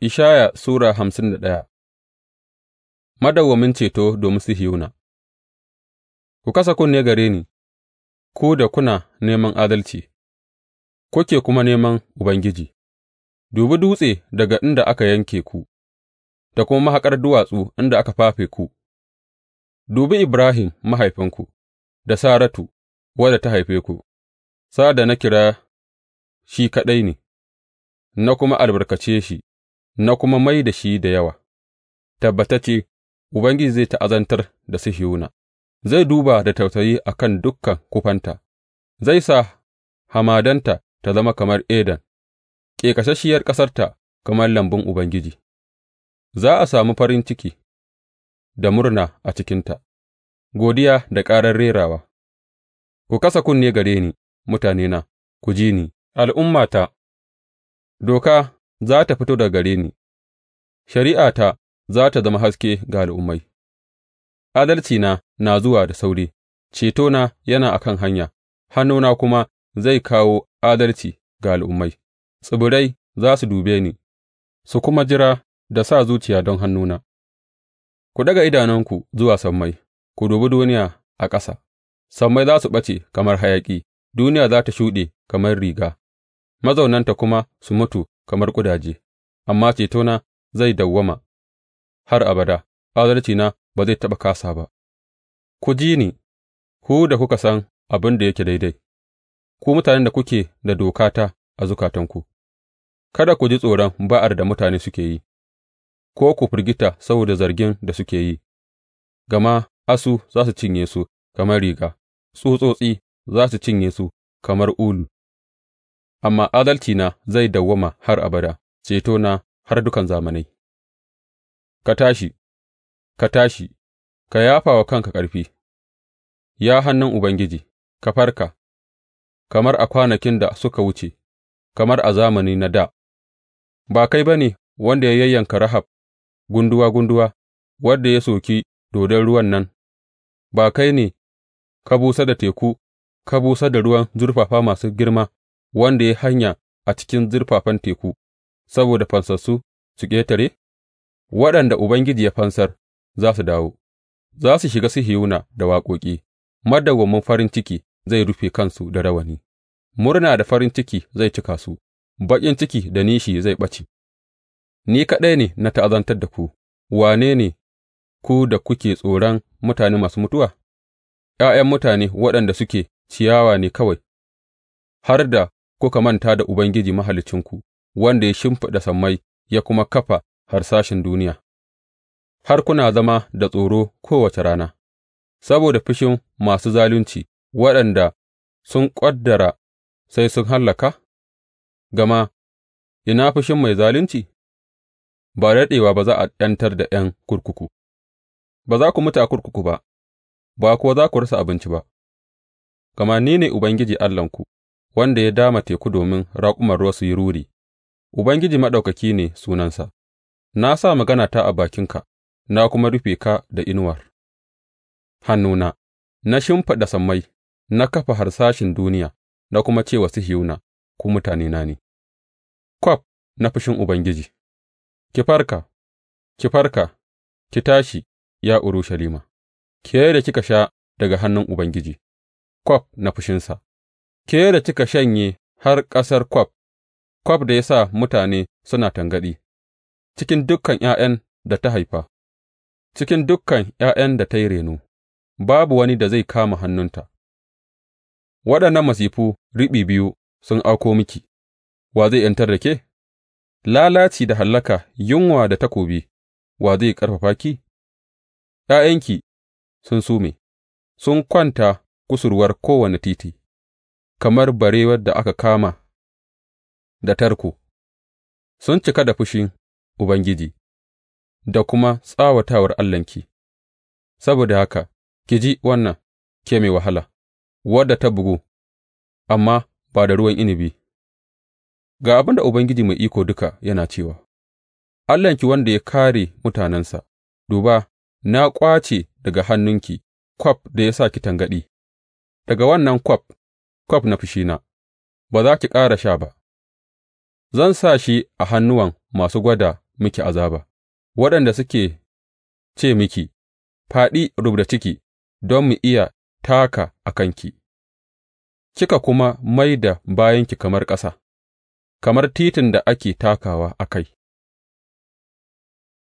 Ishaya Sura hamsin da ɗaya. Madawwamin ceto domin Sihiyona Ku kasa kunne gare ni, ku da kuna neman adalci, kuke kuma neman Ubangiji, dubi dutse daga inda aka yanke ku, da kuma mahaƙar duwatsu inda aka fafe ku, dubi Ibrahim mahaifinku, da Saratu, wadda ta haife ku, sa'ad da na kira shi kaɗai ne, na kuma albarkace shi. na kuma mai da shi da yawa, tabbatacce Ubangiji zai ta'azantar da Sihiyona, zai duba da tausayi a kan dukan kufanta, zai sa hamadanta ta zama kamar Eden, ƙeƙasasshiyar ƙasarta kamar lambun Ubangiji, za a sami farin ciki da murna a cikinta, godiya da ƙarar rerawa. Ku kasa kunne gare ni, mutanena, ku ji ni, al'ummata, doka za tă fito daga gare ni, shari'ata za tă zama haske ga al'ummai, adalcina na zuwa da sauri, cetona yana a kan hanya, hannuna kuma zai kawo adalci ga al'ummai, tsibirai za su dube ni, su kuma jira da sa zuciya don hannuna. Ku daga idanunku zuwa sammai, ku dubi duniya a ƙasa, sammai za su ɓace kamar hayaƙi, duniya za ta shuɗe kamar riga, mazaunanta kuma su mutu kamar ƙudaje, amma cetona zai dawwama har abada, adalcina ba zai taɓa kasa ba. Ku ji ni, ku da kuka san abin da yake daidai, ku mutanen da kuke da dokata a zukatanku, kada ku ji tsoron ba'ar da mutane suke yi, ko ku firgita saboda zargin da suke yi, gama asu za su cinye su kamar riga, tsutsotsi za su cinye su kamar ulu. amma adalcina zai dawwama har abada, cetona har dukan zamanai Ka tashi, ka tashi, ka yafa wa kanka ƙarfi, ya hannun Ubangiji, ka farka, kamar a kwanakin da suka wuce, kamar a zamani na da. ba kai ba ne wanda ya yayyanka Rahab gunduwa gunduwa, wanda ya soki dodon ruwan nan, ba kai ne ka busa da teku, ka busa da ruwan zurfafa masu girma. wanda ya yi hanya a cikin zurfafan teku saboda fansassu su ƙetare? Waɗanda Ubangiji ya fansar za su dawo, za su shiga Sihiyona da waƙoƙi, madawwamin farin ciki zai rufe kansu da rawani, murna da farin ciki zai cika su, baƙin ciki da nishi zai ɓace. Ni kaɗai ne na ta'azantar da ku, wane ne ku da kuke tsoron mutane masu mutuwa? ’Ya'yan mutane waɗanda suke ciyawa ne kawai, har da kuka manta da Ubangiji Mahaliccinku, wanda ya shimfiɗa sammai ya kuma kafa harsashin duniya, har kuna zama da tsoro kowace rana, saboda fushin masu zalunci waɗanda sun ƙwaddara sai sun hallaka? Gama ina fushin mai zalunci? Ba daɗewa ba za a ɗantar da ’yan kurkuku, ba za ku mutu a kurkuku ba, ba kuwa za ku rasa abinci ba, gama ni ne Ubangiji Allahnku. wanda ya dama teku domin raƙuman ruwa su yi ruri, Ubangiji Maɗaukaki ne sunansa; na sa maganata a bakinka na kuma rufe ka da inuwar hannuna, na shimfiɗa sammai, na kafa harsashin duniya, na kuma ce wa sihiyuna, Ku mutanena ne, kwaf na fushin Ubangiji, ki farka, ki farka, ki tashi, ya Urushalima, ke da kika sha daga hannun Ubangiji, kwaf na fushinsa. ke da kika shanye har ƙasar kwaf, kwaf da ya sa mutane suna tangaɗi, cikin dukan ’ya'yan da ta haifa, cikin dukan ’ya'yan da ta yi reno, babu wani da zai kama hannunta. Waɗannan masifu riɓi biyu sun auko miki, wa zai ’yantar da ke? Lalaci da hallaka, yunwa da takobi, wa zai ƙarfafa ki? ’Ya'yanki sun sume, sun kwanta kusurwar kowane titi. kamar barewar da aka kama da tarko, sun cika da fushin Ubangiji da kuma tsawatawar Allahnki, saboda haka ki ji wannan ke mai wahala, wadda ta bugu, amma ba da ruwan inabi. Ga abin da Ubangiji Mai Iko Duka yana cewa, Allahnki wanda ya kare mutanensa, duba, na ƙwace daga hannunki kwaf da ya sa ki tangaɗi, daga wannan kwaf kwaf na fushina, ba za ki ƙara sha ba, zan sa shi a hannuwan masu gwada miki azaba, waɗanda suke ce miki, Faɗi rubda ciki don mu iya taka a kanki, kika kuma mai da bayanki kamar ƙasa, kamar titin da ake takawa a kai.